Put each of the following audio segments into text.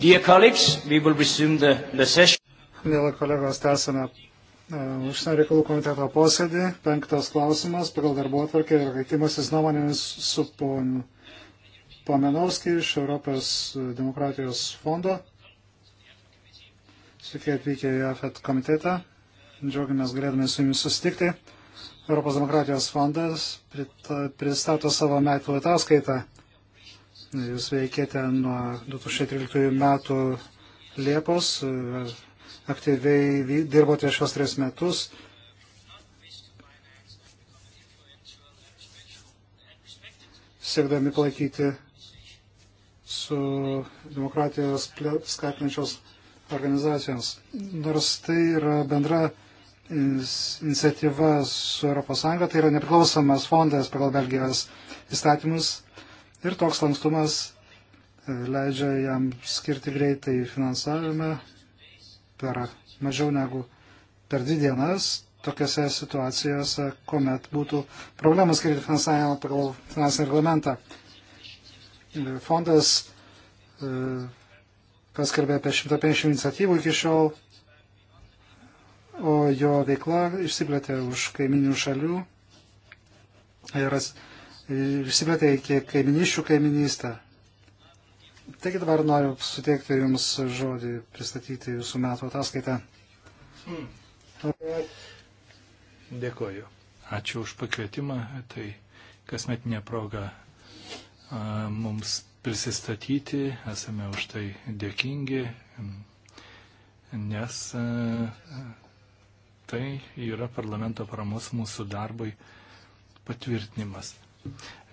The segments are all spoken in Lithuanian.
Dear colleagues, we will resume the, the session. Mėly kolegos, tęsame e, užsienio reikalų komiteto posėdį. Penktas klausimas pagal darbo atvarkę ir keitimasis nuomonėmis su ponu Pamenovskiu iš Europos demokratijos fondo. Sveiki atvykę į AFET komitetą. Džiaugiamės galėdami su jumis susitikti. Europos demokratijos fondas pristato savo metų ataskaitą Jūs veikėte nuo 2013 metų Liepos, aktyviai dirbote šios tris metus. siekdami palaikyti su demokratijos skatinančios organizacijoms. Nors tai yra bendra iniciatyva su ES, tai yra nepriklausomas fondas pagal Belgijos įstatymus Ir toks lankstumas e, leidžia jam skirti greitai finansavimą per mažiau negu per dvi dienas tokiose situacijose, kuomet būtų problema skirti finansavimą pagal finansinį reglamentą. E, fondas e, paskelbė apie 150 iniciatyvų iki šiol, o jo veikla išsiplėtė už kaiminių šalių ir išsiplėtė iki kaiminiščių kaiminystę. Taigi dabar noriu suteikti Jums žodį, pristatyti Jūsų metų ataskaitą. Dėkoju. Ačiū už pakvietimą. Tai kasmetinė proga a, mums prisistatyti. Esame už tai dėkingi, nes a, tai yra parlamento paramos mūsų darbui patvirtinimas.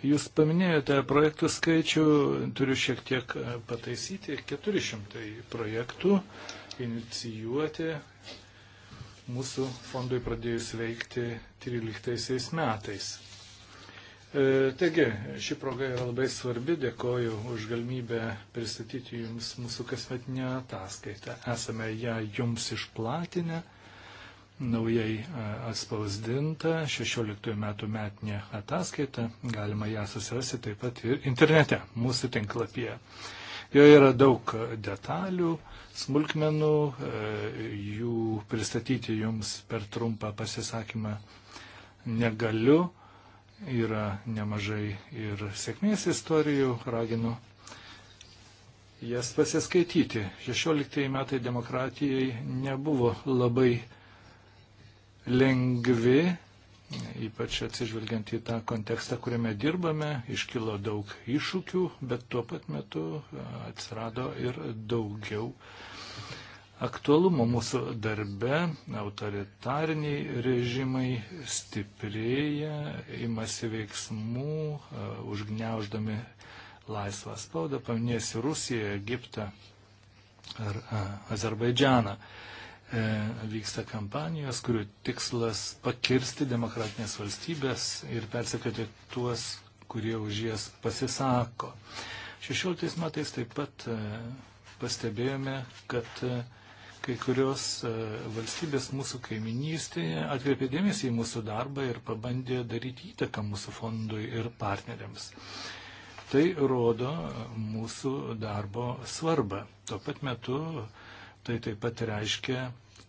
Jūs paminėjote projektų skaičių, turiu šiek tiek e, pataisyti, 400 projektų inicijuoti mūsų fondui pradėjus veikti 13 metais. E, taigi, ši proga yra labai svarbi, dėkoju už galimybę pristatyti Jums mūsų kasmetinę ataskaitą. Esame ją Jums išplatinę naujai e, atspausdinta 16 metų metinė ataskaita. Galima ją susirasti taip pat ir internete, mūsų tinklapyje. Jo yra daug detalių, smulkmenų, e, jų pristatyti jums per trumpą pasisakymą negaliu. Yra nemažai ir sėkmės istorijų, raginu jas pasiskaityti. 16 metai demokratijai nebuvo labai lengvi, ypač atsižvelgiant į tą kontekstą, kuriame dirbame, iškilo daug iššūkių, bet tuo pat metu e, atsirado ir daugiau aktualumo mūsų darbe. Autoritariniai režimai stiprėja, imasi veiksmų, e, užgneuždami laisvą spaudą, paminėsi Rusiją, Egiptą ar e, Azerbaidžianą. A, E, vyksta kampanijos, kurių tikslas pakirsti demokratinės valstybės ir persekėti tuos, kurie už jas pasisako. 16 metais taip pat e, pastebėjome, kad e, kai kurios valstybės mūsų kaiminystėje atkreipė dėmesį į mūsų darbą ir pabandė daryti įtaką mūsų fondui ir partneriams. Tai rodo mūsų darbo svarbą. Tuo pat metu Tai taip pat reiškia,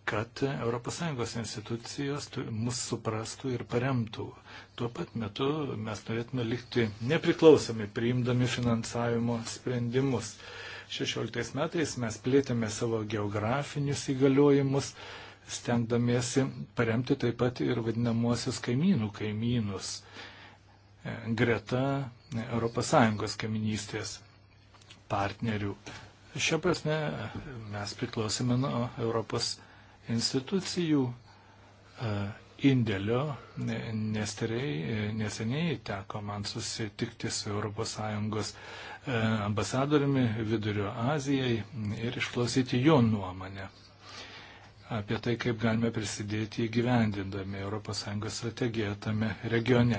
kad ES institucijos mus suprastų ir paremtų. Tuo pat metu mes norėtume likti nepriklausomi, priimdami finansavimo sprendimus. 16 metais mes plėtėme savo geografinius įgaliojimus, stengdamiesi paremti taip pat ir vadinamosius kaimynų kaimynus e, greta ES kaiminystės partnerių. Šia prasme mes priklausome nuo Europos institucijų e, indėlio, nes neseniai teko man susitikti su ES e, ambasadoriumi Vidurio Azijai ir išklausyti jo nuomonę apie tai, kaip galime prisidėti įgyvendindami ES strategiją tame regione.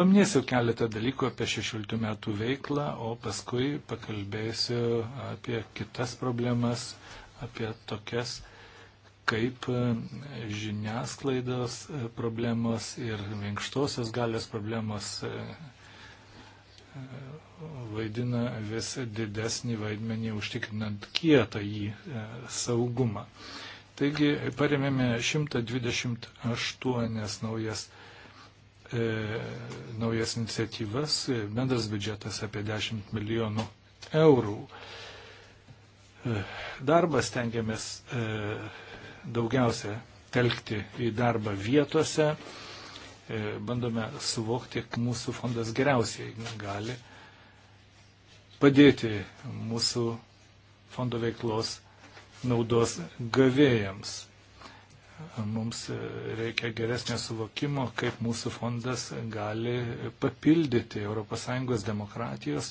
Paminėsiu keletą dalykų apie 16 metų veiklą, o paskui pakalbėsiu apie kitas problemas, apie tokias kaip žiniasklaidos problemos ir minkštosios galės problemos vaidina vis didesnį vaidmenį užtikrinant kietą į saugumą. E, Taigi paremėme 128 naujas, e, naujas iniciatyvas, bendras biudžetas apie 10 milijonų eurų. E, Darbas tengiamės e, daugiausia telkti į darbą vietose, e, bandome suvokti, kaip mūsų fondas geriausiai gali padėti mūsų fondo veiklos naudos gavėjams. Mums reikia geresnio suvokimo, kaip mūsų fondas gali papildyti ES demokratijos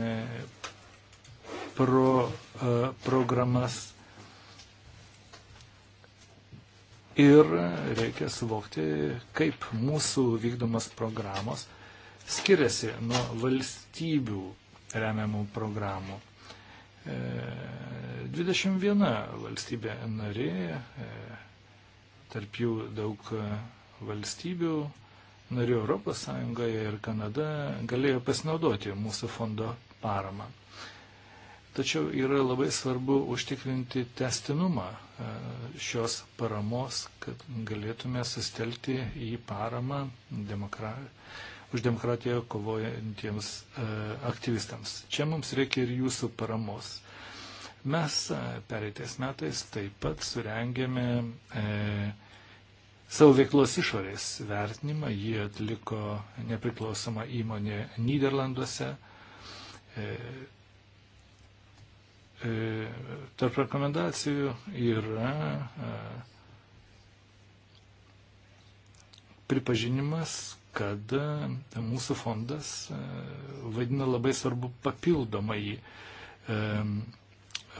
e, pro, e, programas. Ir reikia suvokti, kaip mūsų vykdomas programos skiriasi nuo valstybių remiamų programų. E, 21 valstybė narė, e, tarp jų daug e, valstybių, narių Europos Sąjungoje ir Kanada galėjo pasinaudoti mūsų fondo paramą. Tačiau yra labai svarbu užtikrinti testinumą e, šios paramos, kad galėtume sustelti į paramą demokra... už demokratiją kovojantiems aktyvistams. Čia mums reikia ir jūsų paramos. Mes e, pereitais metais taip pat surengėme e, savo veiklos išorės vertinimą. Jį atliko nepriklausoma įmonė Niderlanduose. E, e, tarp rekomendacijų yra e, pripažinimas, kad e, mūsų fondas e, vaidina labai svarbu papildomai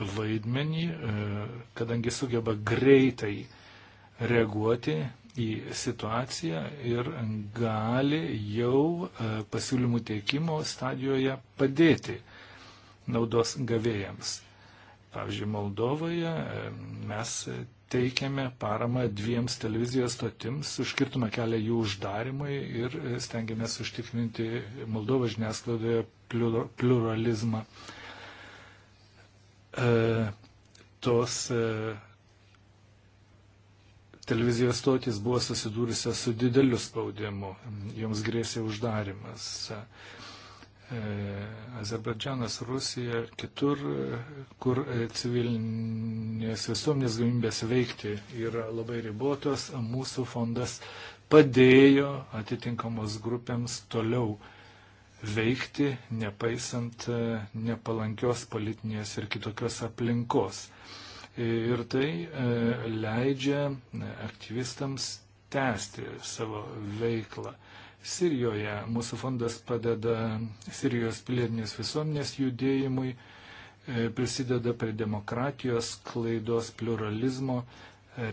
vaidmenį, e, kadangi sugeba greitai reaguoti į situaciją ir gali jau e, pasiūlymų teikimo stadijoje padėti naudos gavėjams. Pavyzdžiui, Moldovoje e, mes teikiame paramą dviems televizijos stotims, užkirtume kelią jų uždarimui ir stengiamės užtikrinti Moldovo žiniasklaidoje pluralizmą. Pliur E, tos e, televizijos stotis buvo susidūrusios su dideliu spaudimu, joms grėsė uždarimas. E, Azerbaidžianas, Rusija, kitur, kur civilinės visuomenės galimybės veikti yra labai ribotos, mūsų fondas padėjo atitinkamos grupėms toliau uh, veikti, nepaisant e, nepalankios politinės ir kitokios aplinkos. Ir tai e, leidžia e, aktyvistams tęsti savo veiklą. Sirijoje mūsų fondas padeda Sirijos pilietinės visuomenės judėjimui, prisideda prie demokratijos, klaidos, pluralizmo,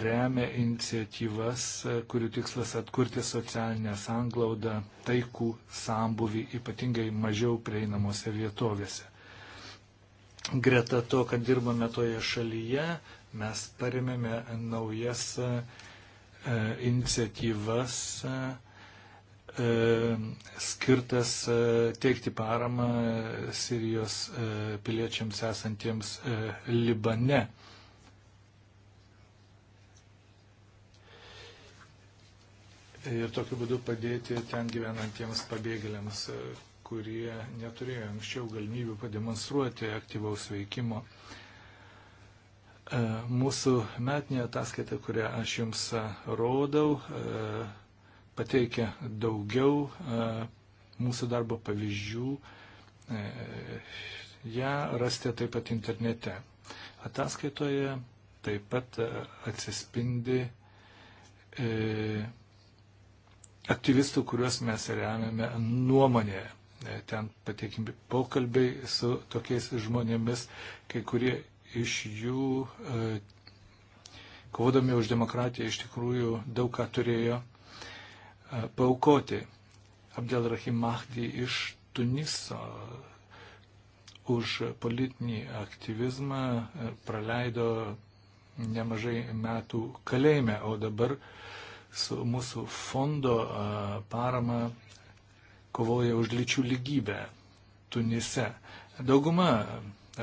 remia iniciatyvas, e, kurių tikslas atkurti socialinę sanglaudą, taikų sambuvį, ypatingai mažiau prieinamose vietovėse. Greta to, kad dirbame toje šalyje, mes paremėme naujas e, iniciatyvas e, skirtas teikti paramą Sirijos piliečiams esantiems Libane ir tokiu būdu padėti ten gyvenantiems pabėgėliams, e, kurie neturėjo anksčiau galimybių pademonstruoti aktyvaus veikimo. E, mūsų metinė ataskaita, kurią aš jums e, rodau, pateikia daugiau mūsų darbo pavyzdžių. Ja rasite taip pat internete. Ataskaitoje taip pat atsispindi aktyvistų, kuriuos mes remiame nuomonė. E, ten pateikimi pokalbiai su tokiais žmonėmis, kai kurie iš jų, e, kovodami už demokratiją, iš tikrųjų daug ką turėjo e, paukoti. Abdel Rahim Mahdi iš Tuniso už politinį aktyvizmą praleido nemažai metų kalėjime, o dabar uh, su mūsų fondo parama kovoja už lyčių lygybę Tunise. Dauguma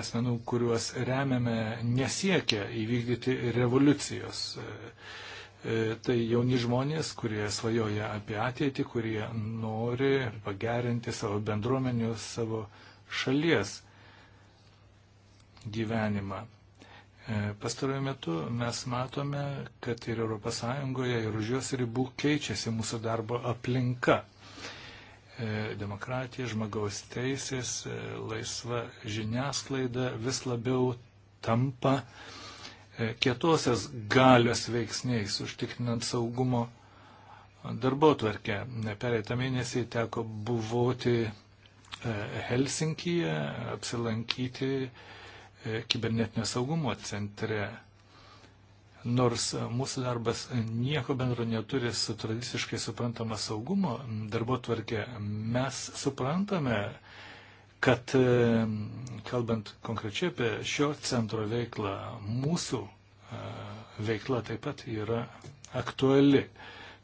asmenų, kuriuos remiame, nesiekia įvykdyti revoliucijos. E, e, tai jauni žmonės, kurie svajoja apie ateitį, kurie nori pagerinti savo bendruomenių, savo šalies gyvenimą. E, pastaruoju metu mes matome, kad ir ES ir už jos ribų keičiasi mūsų darbo aplinka. E, demokratija, žmogaus teisės, e, laisva žiniasklaida vis labiau tampa kietosios galios veiksniais, užtikrinant saugumo darbo tvarkę. Pereitą mėnesį teko buvoti Helsinkyje, apsilankyti E, kibernetinio saugumo centre. Nors e, mūsų darbas nieko bendro neturi su tradiciškai suprantama saugumo darbo tvarkė, mes suprantame, kad e, kalbant konkrečiai apie šio centro veiklą, mūsų veikla taip pat yra aktuali.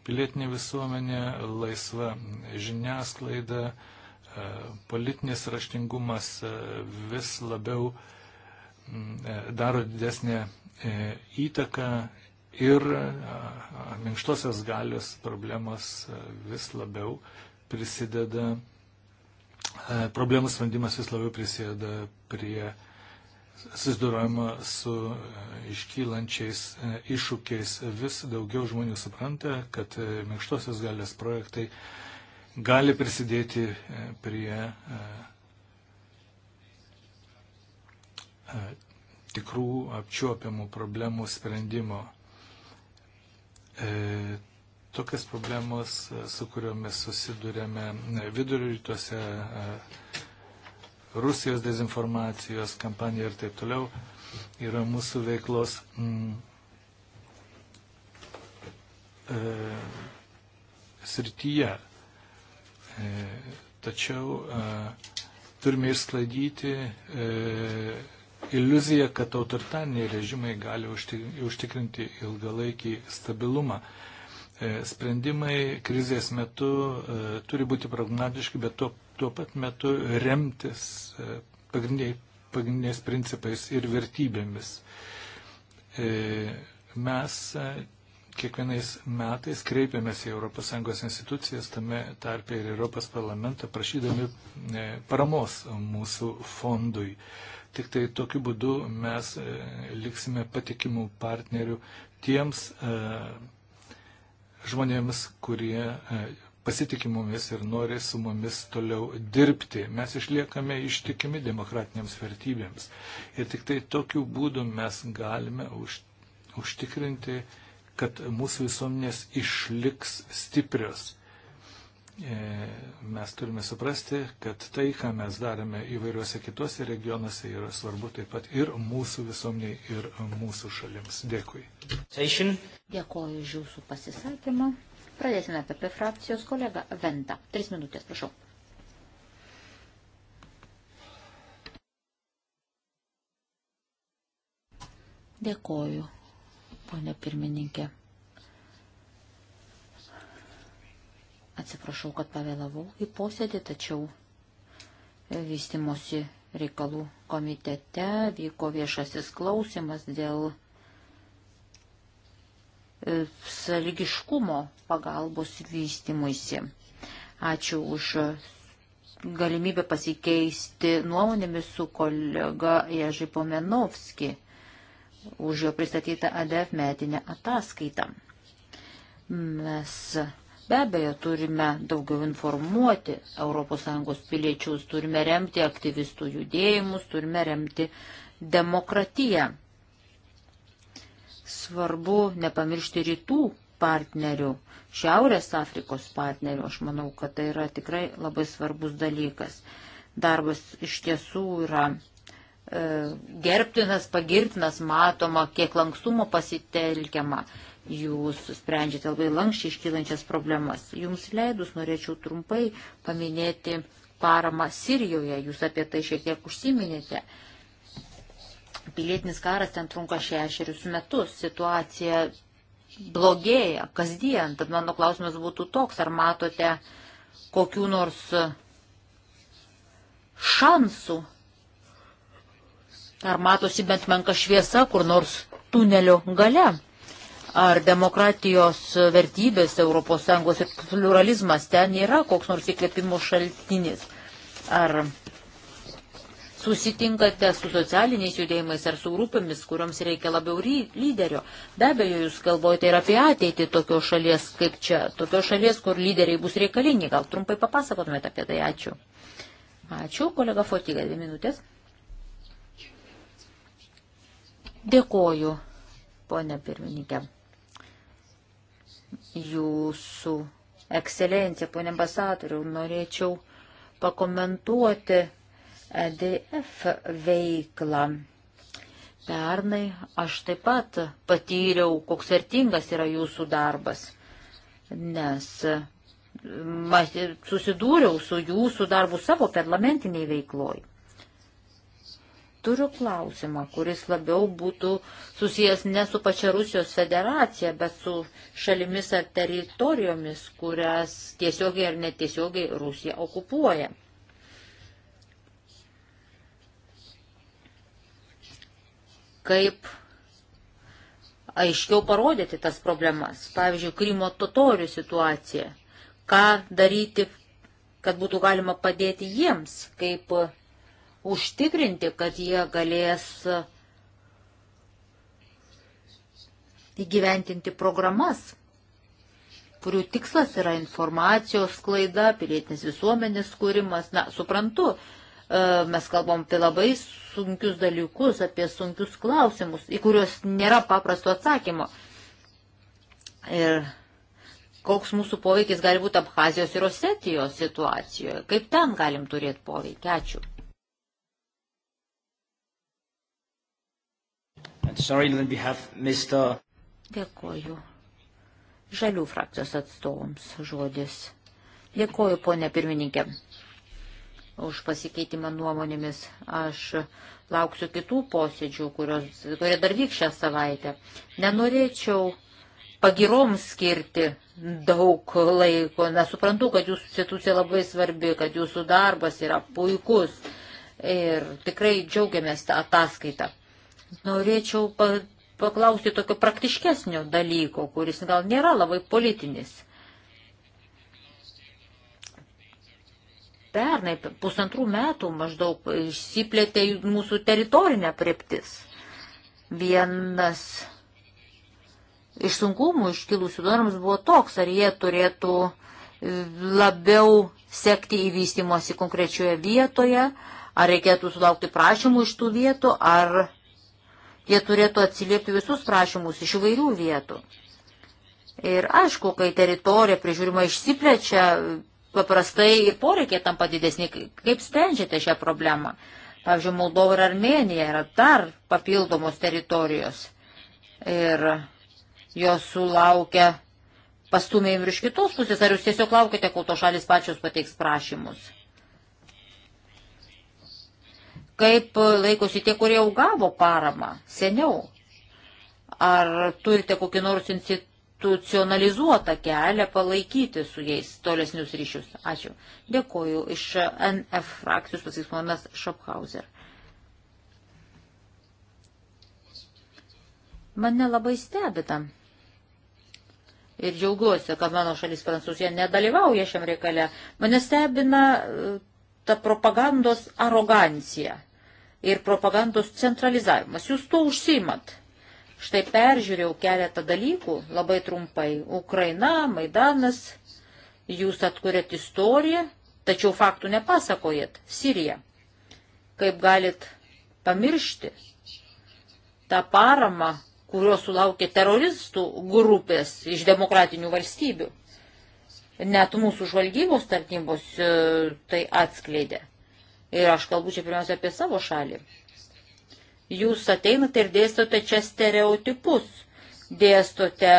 Pilietinė visuomenė, laisva žiniasklaida, politinis raštingumas vis labiau uh, Mm, daro didesnę e, įtaką ir minkštosios galios problemos e, vis labiau prisideda, e, problemų sprendimas vis labiau prisideda prie susidorojama su iškylančiais iššūkiais. Vis daugiau žmonių supranta, kad minkštosios galės projektai gali prisidėti prie E, tikrų apčiuopiamų problemų sprendimo. E, tokias problemos, e, su kuriomis susidurėme e, vidurio rytuose, e, Rusijos dezinformacijos kampanija ir taip toliau, yra mūsų veiklos mm, e, srityje. E, tačiau e, turime išsklaidyti e, iliuzija, kad autoritariniai režimai gali užtikrinti ilgalaikį stabilumą. E, sprendimai krizės metu e, turi būti pragmatiški, bet tuo, tuo pat metu remtis e, pagrindiniais principais ir vertybėmis. Mes kiekvienais metais kreipiamės į ES institucijas, tame tarpe ir Europos parlamentą, prašydami paramos mūsų fondui. Tik tai tokiu būdu mes e, liksime patikimų partnerių tiems e, žmonėms, kurie e, pasitikė mumis ir nori su mumis toliau dirbti. Mes išliekame ištikimi demokratiniams vertybėms. Ir tik tai tokiu būdu mes galime už, užtikrinti, kad mūsų visuomenės išliks stiprios. E, mes turime suprasti, kad tai, ką mes darėme įvairiuose kituose regionuose, yra svarbu taip pat ir mūsų visuomeniai, ir mūsų šalims. Dėkui. Dėkuoju už jūsų pasisakymą. Pradėsime apie frakcijos kolegą Venta. Tris minutės, prašau. Dėkuoju, ponė pirmininkė. Atsiprašau, kad pavėlavau į posėdį, tačiau e, vystimosi reikalų komitete vyko viešasis klausimas dėl e, sąlygiškumo pagalbos vystimuisi. Ačiū už galimybę pasikeisti nuomonėmis su kolega Ježi Pomenovski už jo pristatytą ADF metinę ataskaitą. Mes Be abejo, turime daugiau informuoti ES piliečius, turime remti aktyvistų judėjimus, turime remti demokratiją. Svarbu nepamiršti rytų partnerių, Šiaurės Afrikos partnerių. Aš manau, kad tai yra tikrai labai svarbus dalykas. Darbas iš tiesų yra e, gerbtinas, pagirtinas, matoma, kiek lankstumo pasitelkiama jūs sprendžiate labai lankščiai iškylančias problemas. Jums leidus norėčiau trumpai paminėti paramą Sirijoje, jūs apie tai šiek tiek užsiminėte. Pilietinis karas ten trunka šešerius metus, situacija blogėja kasdien, tad mano klausimas būtų toks, ar matote kokių nors šansų, ar matosi bent menka šviesa kur nors tunelio gale ar demokratijos vertybės ES ir pluralizmas ten yra koks nors įkvėpimo šaltinis. Ar susitinkate su socialiniais judėjimais ar su grupėmis, kuriuoms reikia labiau lyderio. Be abejo, jūs kalbojate ir apie ateitį tokios šalies kaip čia, tokios šalies, kur lyderiai bus reikalingi. Gal trumpai papasakotumėte apie tai. Ačiū. Ačiū, kolega Fotyga, dvi minutės. Dėkoju, ponė pirmininkė jūsų ekscelencija, ponė ambasadoriu, norėčiau pakomentuoti EDF veiklą. Pernai aš taip pat patyriau, koks vertingas yra jūsų darbas, nes susidūriau su jūsų darbu savo parlamentiniai veikloj. Turiu klausimą, kuris labiau būtų susijęs ne su pačia Rusijos federacija, bet su šalimis ar teritorijomis, kurias tiesiogiai ar netiesiogiai Rusija okupuoja. Kaip aiškiau parodyti tas problemas, pavyzdžiui, Krymo totorių situaciją, ką daryti, kad būtų galima padėti jiems, kaip užtikrinti, kad jie galės įgyventinti programas, kurių tikslas yra informacijos sklaida, pilietinės visuomenės kūrimas. Na, suprantu, e, mes kalbam apie labai sunkius dalykus, apie sunkius klausimus, į kuriuos nėra paprasto atsakymo. Ir koks mūsų poveikis gali būti Abhazijos ir Osetijos situacijoje, kaip ten galim turėti poveikį. Ačiū. Sorry, then we have Mr. Dėkoju. Žalių frakcijos atstovams žodis. Dėkoju, ponė pirmininkė, už pasikeitimą nuomonėmis. Aš lauksiu kitų posėdžių, kurios, kurie dar vyks šią savaitę. Nenorėčiau pagiroms skirti daug laiko. Nesuprantu, kad jūsų institucija labai svarbi, kad jūsų darbas yra puikus ir tikrai džiaugiamės tą ataskaitą norėčiau paklausti tokio praktiškesnio dalyko, kuris gal nėra labai politinis. Pernai pusantrų metų maždaug išsiplėtė mūsų teritorinė prieptis. Vienas iš sunkumų iškilusių donams buvo toks, ar jie turėtų labiau sekti įvystymosi konkrečioje vietoje, ar reikėtų sulaukti prašymų iš tų vietų, ar Jie turėtų atsiliepti visus prašymus iš įvairių vietų. Ir aišku, kai teritorija prižiūrima išsiplečia, paprastai ir poreikiai tampa didesni. Kaip sprendžiate šią problemą? Pavyzdžiui, Moldova ir Armenija yra dar papildomos teritorijos. Ir jos sulaukia pastumėjim ir iš kitos pusės. Ar jūs tiesiog laukite, kol to šalis pačios pateiks prašymus? kaip laikosi tie, kurie jau gavo paramą seniau. Ar turite kokį nors institucionalizuotą kelią palaikyti su jais tolesnius ryšius? Ačiū. Dėkoju. Iš NF frakcijos pasakys ponas Šophauser. Mane labai stebita. Ir džiaugiuosi, kad mano šalis Prancūzija nedalyvauja šiam reikale. Mane stebina e, ta propagandos arogancija ir propagandos centralizavimas. Jūs tuo užsiimat. Štai peržiūrėjau keletą dalykų labai trumpai. Ukraina, Maidanas, jūs atkuriat istoriją, tačiau faktų nepasakojat. Sirija. Kaip galit pamiršti tą paramą, kurio sulaukė teroristų grupės iš demokratinių valstybių. Net mūsų žvalgybos tarnybos e, tai atskleidė. Ir aš kalbu čia pirmiausia apie savo šalį. Jūs ateinate ir dėstote čia stereotipus, dėstote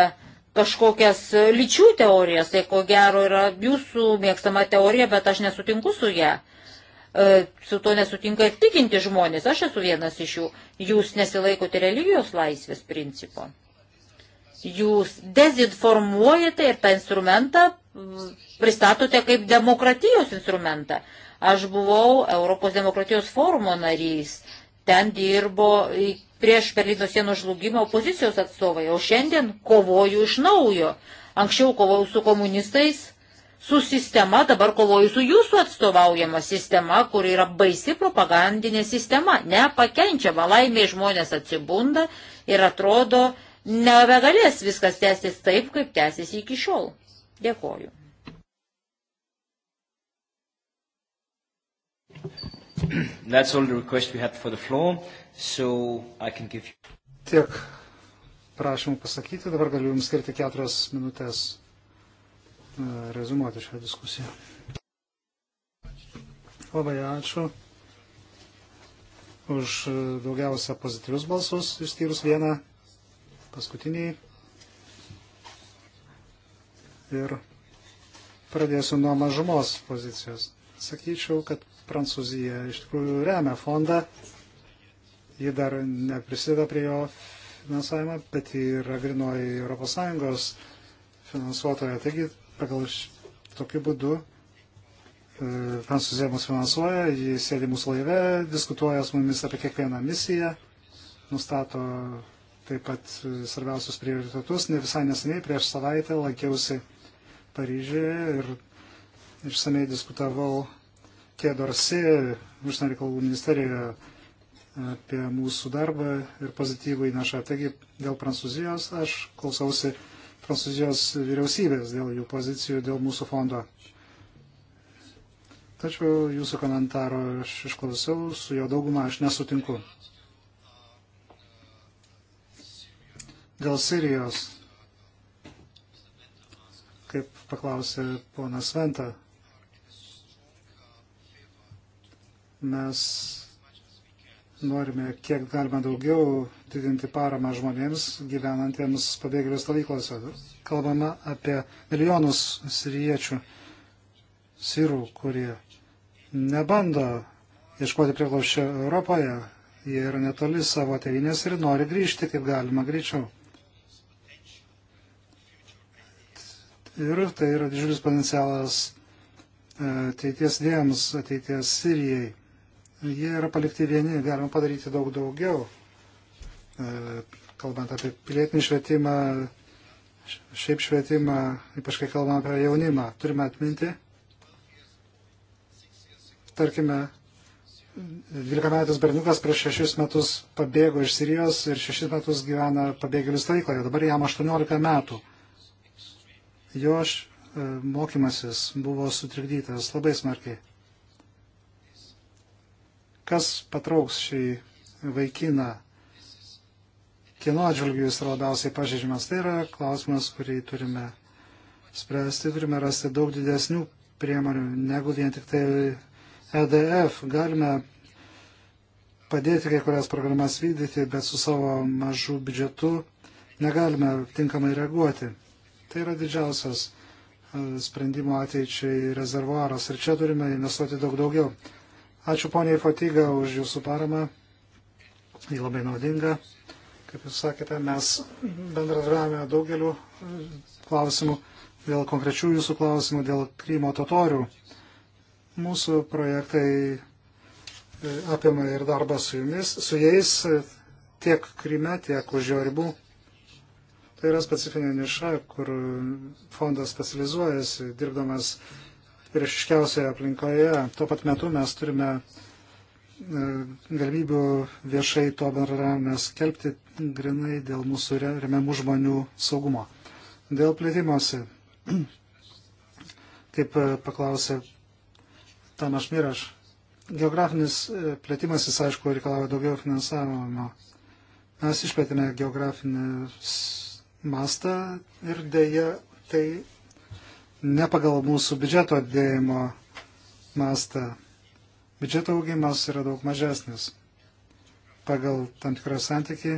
kažkokias lyčių teorijas, tai ko gero yra jūsų mėgstama teorija, bet aš nesutinku su ją. E, su to nesutinka ir tikinti žmonės, aš esu vienas iš jų. Jūs nesilaikote religijos laisvės principo. Jūs dezinformuojate ir tą instrumentą pristatote kaip demokratijos instrumentą. Aš buvau Europos demokratijos forumo narys. Ten dirbo prieš Berlyno sienų žlugimą opozicijos atstovai, o šiandien kovoju iš naujo. Anksčiau kovojau su komunistais, su sistema, dabar kovoju su jūsų atstovaujama sistema, kur yra baisi propagandinė sistema, nepakenčiama, laimė žmonės atsibunda ir atrodo, nebegalės viskas tęstis taip, kaip tęsiasi iki šiol. Dėkoju. That's all the request we had for the floor, so I can give you. Tiek prašymų pasakyti, dabar galiu Jums skirti keturias minutės e, rezumuoti šią diskusiją. Labai ačiū už daugiausia pozityvius balsus, išskyrus vieną paskutinį. Ir pradėsiu nuo mažumos pozicijos. Sakyčiau, kad Prancūzija iš tikrųjų remia fondą. Ji dar neprisideda prie jo finansavimą, bet ji yra grinoji ES finansuotoja. Taigi, pagal tokiu būdu e, Prancūzija mus finansuoja, ji sėdi mūsų laive, diskutuoja su mumis apie kiekvieną misiją, nustato taip pat e, svarbiausius prioritetus. Ne visai neseniai, prieš savaitę lankiausi Paryžiuje ir išsamei diskutavau Kedorsi, užsienio reikalų ministerijoje, apie mūsų darbą ir pozityvų įnašą. Taigi dėl Prancūzijos aš klausausi Prancūzijos vyriausybės dėl jų pozicijų, dėl mūsų fondo. Tačiau jūsų komentaro aš išklausiau, su jo dauguma aš nesutinku. Dėl Sirijos, kaip paklausė ponas Venta, Mes norime kiek galima daugiau didinti paramą žmonėms gyvenantiems pabėgėlių stovyklose. Kalbama apie milijonus siriečių, sirų, kurie nebando ieškoti prieglaušio Europoje, jie yra netoli savo tevinės ir nori grįžti kaip galima greičiau. Ir tai yra didžiulis potencialas e, ateities dėjams, ateities Sirijai Jie yra palikti vieni, galima padaryti daug daugiau. E, kalbant apie pilietinį švietimą, šiaip švietimą, ypač kai kalbame apie jaunimą, turime atminti, tarkime, 12-metis berniukas prieš 6 metus pabėgo iš Sirijos ir 6 metus gyvena pabėgėlių stovykloje, dabar jam 18 metų. Jo e, mokymasis buvo sutrikdytas labai smarkiai. Kas patrauks šį vaikiną? Kieno atžvilgių jis labiausiai pažeidžiamas? Tai yra klausimas, kurį turime spręsti. Turime rasti daug didesnių priemonių negu vien tik tai EDF. Galime padėti kai kurias programas vykdyti, bet su savo mažu biudžetu negalime tinkamai reaguoti. Tai yra didžiausias e, sprendimo ateičiai rezervuaras ir čia turime investuoti daug daugiau. Ačiū poniai Fotyga už jūsų paramą. Ji labai naudinga. Kaip jūs sakėte, mes bendradarbiavame daugeliu e, klausimų, dėl konkrečių jūsų klausimų, dėl Krymo totorių. Mūsų projektai e, apima ir darbą su jumis, su jais e, tiek Kryme, tiek už jo ribų. Tai yra specifinė niša, kur fondas specializuojasi, dirbdamas priešiškiausioje aplinkoje. Tuo pat metu mes turime e, galimybių viešai to bendravimą skelbti grinai dėl mūsų remiamų žmonių saugumo. Dėl plėtimosi, kaip e, paklausė Tamas Miraš, geografinis e, plėtimasis, aišku, reikalauja daugiau finansavimo. Mes išplėtėme geografinį mastą ir dėja tai ne pagal mūsų biudžeto dėjimo mastą. Biudžeto augimas yra daug mažesnis pagal tam tikrą santykį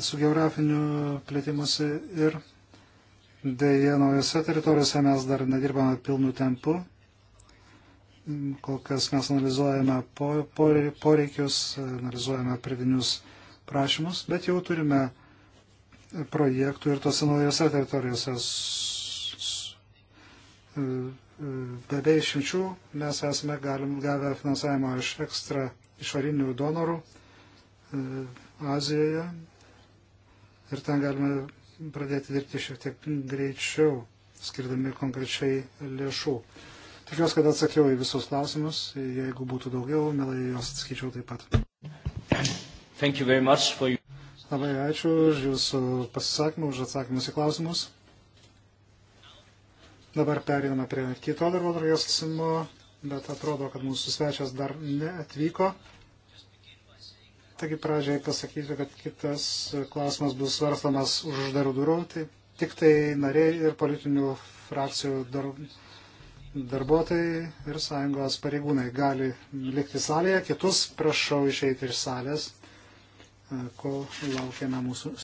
su geografiniu plėtimusi ir dėja naujose teritorijose mes dar nedirbame pilnu tempu. Kol kas mes analizuojame poreikius, analizuojame pridinius prašymus, bet jau turime projektų ir tose naujose teritorijose be išimčių mes esame galim, gavę finansavimą iš ekstra išvarinių donorų e, Azijoje ir ten galime pradėti dirbti šiek tiek greičiau, skirdami konkrečiai lėšų. Tikiuosi, kad atsakiau į visus klausimus. Jeigu būtų daugiau, mielai jos atsakyčiau taip pat. For... Labai ačiū už Jūsų pasisakymą, už atsakymus į klausimus. Dabar periname prie kito darbo klausimo, bet atrodo, kad mūsų svečias dar neatvyko. Taigi pradžiai pasakyti, kad kitas klausimas bus svarstamas už uždarų durų, tai tik tai nariai ir politinių frakcijų dar, darbuotojai ir sąjungos pareigūnai gali likti salėje, kitus prašau išeiti iš salės, kol laukiame mūsų